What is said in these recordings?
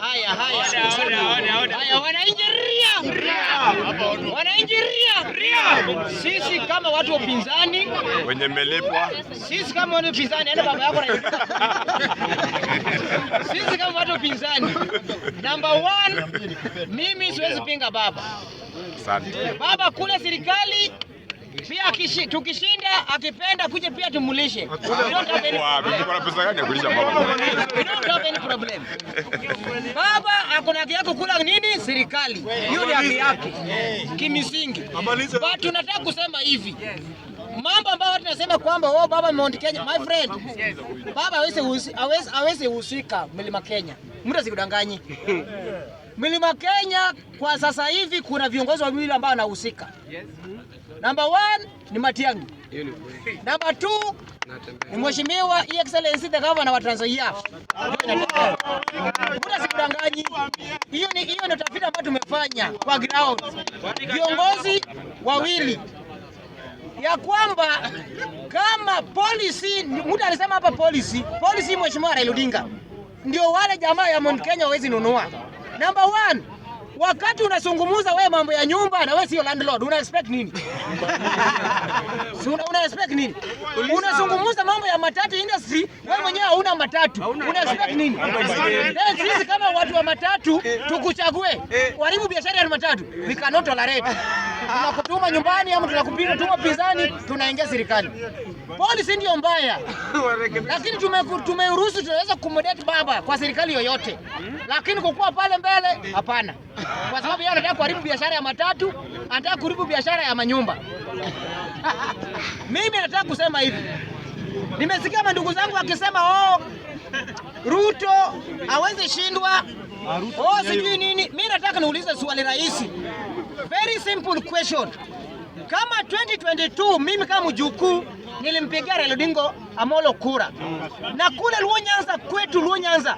haya haya, wanainjiria sisi kama watu wa upinzani wenye melipwa, sisi kama watu wa upinzani, ana yaani baba yako sisi kama watu wa upinzani, number one, mimi siwezi pinga baba Asante baba kule serikali pia kishi, tukishinda akipenda kuja pia tumulishe. Wow, pesa gani kulisha baba? problem. Baba akona yako kula nini serikali. Hiyo ni haki yake. Kimisingi. But tunataka kusema hivi. Mambo ambayo tunasema kwamba oh, baba Mount Kenya, my friend. Baba hawezi hawezi husika Mlima Kenya. Mtu asikudanganye. Mlima Kenya kwa sasa hivi kuna viongozi wawili ambao wanahusika. Number one ni Matiang'i. Namba 2 ni Mheshimiwa Excellency the Governor wa Trans Nzoia. Kuna sikudanganyi. Hiyo ni hiyo ndio tafiti ambayo tumefanya kwa ground. Viongozi wawili ya kwamba kama policy, mtu alisema hapa policy, policy Mheshimiwa Raila Odinga ndio wale jamaa ya Mount Kenya wawezi nunua. Namba 1 wakati unazungumza wewe mambo ya nyumba na wewe sio landlord, una expect nini? Una, una expect nini? Unazungumza mambo ya matatu industry, wewe mwenyewe hauna matatu, una expect nini? watu wa matatu eh. tukuchague, eh. waribu biashara ya matatu, we cannot tolerate. Tunakutuma nyumbani ama tunakupiga tuma pizani, tunaingia serikali. Polisi ndio mbaya, lakini tumeruhusu, tunaweza kumodate baba kwa serikali yoyote, lakini kukua pale mbele hapana, kwa sababu yeye anataka kuharibu biashara ya matatu, anataka kuharibu biashara ya manyumba. Mimi nataka kusema hivi, nimesikia mandugu zangu akisema oh Ruto aweze shindwa ah, oh, sijui nini. Mimi nataka niulize swali rahisi, very simple question. Kama 2022 mimi kama mjukuu nilimpigia Raila Odinga Amolo kura na kule Luo Nyanza kwetu Luo Nyanza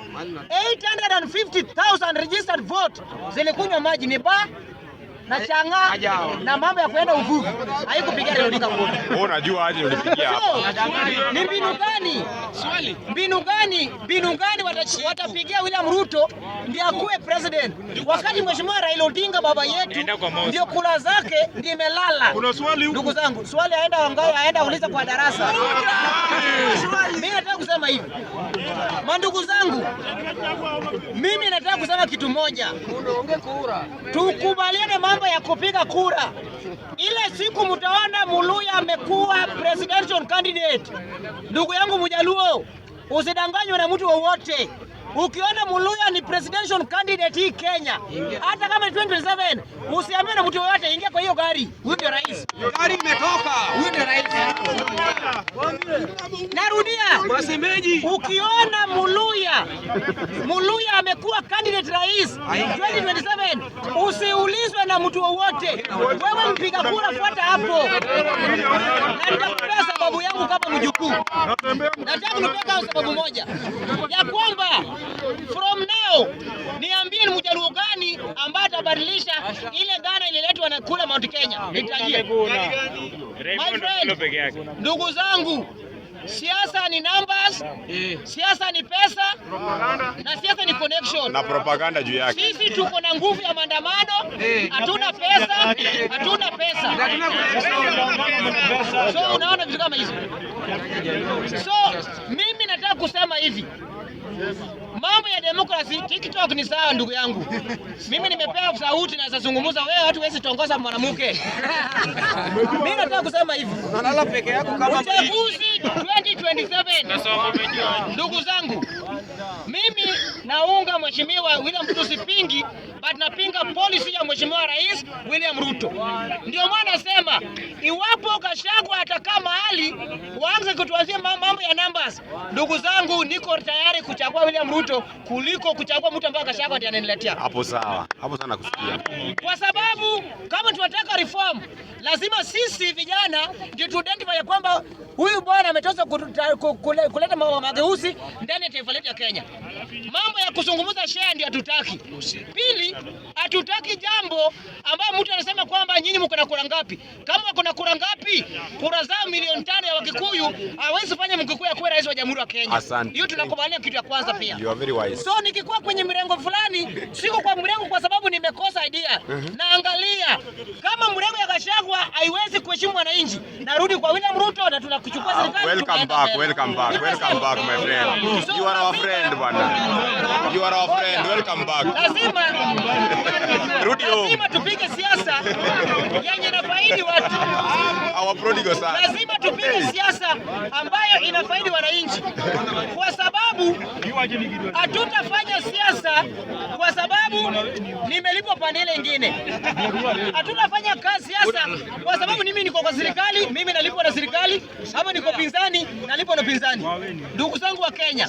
850,000 registered vote zilikunywa maji ni ba na changa na mambo ya kuenda uvuvi haikupigia Leonika ngumi. Wewe unajua aje ulipigia hapo? Ni mbinu gani? Swali. Mbinu gani? Mbinu gani watapigia William Ruto ndiye akuwe president? Wakati mheshimiwa Raila Odinga baba yetu ndio kula zake ndimelala Kuna swali huko. Ndugu zangu, swali aenda wangapi aenda uliza kwa darasa. Mimi kusema hivi, mandugu zangu, mimi nataka kusema kitu moja, tukubaliane mambo ya kupiga kura. Ile siku mtaona Muluya amekuwa presidential candidate, ndugu yangu Mjaluo, usidanganywe na mtu wowote. Ukiona Muluya ni presidential candidate hii Kenya, hata kama ni 2027 usiambiwe na mtu yoyote, ingia kwa hiyo gari. huyo ndio rais, gari imetoka. huyo ndio rais. Narudia, ukiona Muluya Muluya amekuwa candidate rais 2027 usiulizwe na mtu wowote. Wewe mpiga kura, fuata hapo, na nitakupea sababu yangu kama mjukuu. Nataka nipeka sababu moja ya kwamba from now niambie ni mjaluo gani ambaye tunabadilisha ile dhana ililetwa na kula Mount Kenya. Nitajie my friend, ndugu zangu, siasa ni numbers, siasa ni pesa na siasa ni connection na propaganda juu yake. Sisi tuko na nguvu ya maandamano, hatuna pesa, hatuna pesa, so unaona vitu kama hizo. So mimi nataka kusema hivi Mambo ya demokrasi TikTok ni sawa, ndugu yangu. Mimi nimepewa sauti na nazungumza, wewe watu wezi tongoza mwanamke. Mimi nataka kusema hivi. Uchaguzi 2027 ndugu zangu mimi naunga mheshimiwa William Ruto, sipingi but napinga policy ya mheshimiwa Rais William Ruto. Ndio maana nasema iwapo Gachagua atakaa mahali waanze kutuanzia mambo ya numbers, ndugu zangu, niko tayari kuchagua William Ruto kuliko kuchagua mtu ambaye Gachagua ataniletea hapo. Sawa hapo sana kusikia, kwa sababu kama tunataka reform lazima sisi vijana ndio tu identify kwamba Huyu bwana ametosa kuleta mageuzi ndani ya taifa letu ya Kenya. Mambo ya kuzungumza share ndio hatutaki. Pili, hatutaki jambo ambayo mtu anasema kwamba nyinyi mko na kura ngapi? Kama wako na kura ngapi? Kura zao milioni tano ya Wakikuyu hawezi fanya Mkikuyu akuwe rais wa Jamhuri ya Kenya. Hiyo tunakubaliana kitu ya kwanza pia. You are very wise. So nikikuwa kwenye mrengo fulani, siko kwa mrengo kwa sababu nimekosa idea. Mm -hmm. Naangalia kama mrengo ya Gachagua haiwezi kuheshimu wananchi. Narudi kwa William Ruto na tunakuchukua ah, serikali. Welcome back, welcome back, welcome back my friend. You are our friend bwana. You are our friend. Welcome back. Lazima rudi home. Oh. Lazima tupige siasa yenye nafaidi watu. Our prodigal son. Lazima tupige siasa ambayo inafaidi wananchi. Kwa sababu Hatutafanya siasa kwa sababu nimelipwa panele ingine Hatutafanya kazi siasa kwa sababu mimi niko kwa serikali, mimi nalipwa na serikali, ama niko pinzani, nalipwa na pinzani. Ndugu zangu wa Kenya,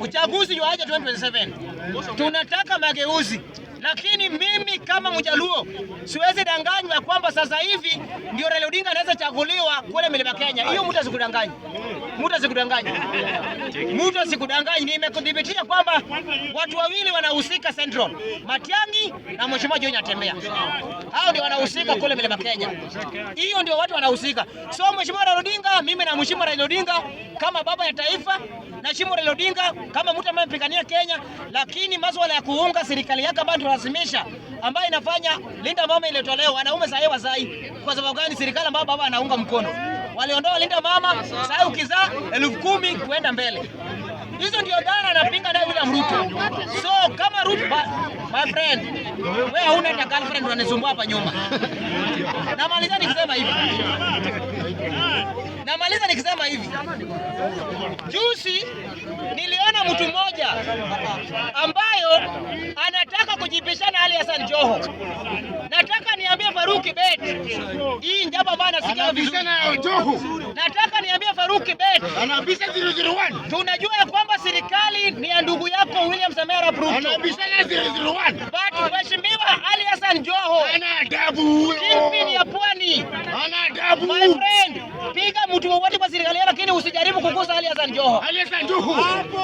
uchaguzi wa haja 2027 tunataka mageuzi lakini mimi kama Mjaluo siwezi danganywa kwamba sasa hivi ndio Raila Odinga anaweza chaguliwa kule milima Kenya. Hiyo mtu asikudanganye, mtu asikudanganye, mtu asikudanganye nimekudhibitia kwamba watu wawili wanahusika Central, Matiang'i na mheshimiwa John Atembea. Hao ndio wanahusika kule Mlima Kenya, hiyo ndio watu wanahusika. So mheshimiwa Raila Odinga, mimi na mheshimiwa Raila Odinga kama baba ya taifa na Mheshimiwa Raila Odinga kama mtu ambaye mpigania Kenya, lakini masuala ya kuunga serikali yake ambayo tunalazimisha ambayo inafanya Linda mama iliyotolewa wanaume sasa wazai. Kwa sababu gani? Serikali ambayo baba anaunga mkono waliondoa Linda mama, sasa ukizaa elfu kumi kwenda mbele. Hizo ndio dhana anapinga naye William Ruto. So kama Ruto, my friend, wewe hauna hata girlfriend unanisumbua hapa nyuma. Namaliza nikisema hivi. Namaliza nikisema hivi. Juzi niliona mtu mmoja ambayo anataka kujibishana Ali Hassan Joho. Nataka niambie Faruki Bet. Hii njaba bana sikia vizuri. Nataka niambie Faruki Bet. Anabisha 001. Tunajua kwamba hii ni ya ndugu yako William Samoei Arap Ruto. But Mheshimiwa Ali Hassan Joho Ana adabu huyo. ni ya pwani. Ana adabu. My friend, piga mtu wowote kwa serikali lakini usijaribu kugusa Ali Hassan Joho. Ali Hassan Joho.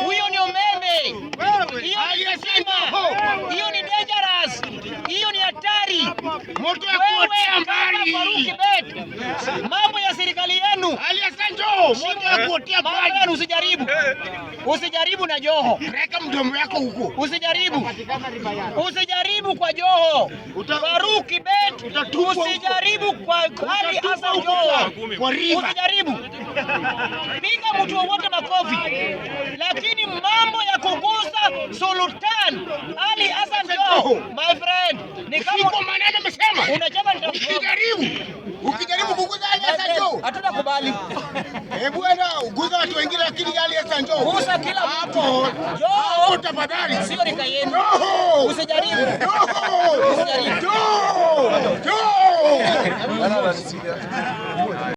Huyo ni umeme. Hiyo ni sima. Hiyo ni dangerous. Hiyo ni hatari. Mtu ya kuotea mbali. Eh? Usijaribu, eh. usijaribu na Joho, weka mdomo wako huko, usijaribu, usijaribu kwa Joho Baruki bet, usijaribu kwa Ali Hassan Joho, usijaribu piga mtu wowote makofi, lakini mambo ya kugusa Sultan Ali Hassan Joho, my friend, ni kama unajaribu, ukijaribu kugusa Ali Hassan hatutakubali. Hebu enda uguza watu wengine, lakini yale sasa njoo guza kila mtu hapo, tafadhali sio rika yenu, usijaribu usijaribu, njoo njoo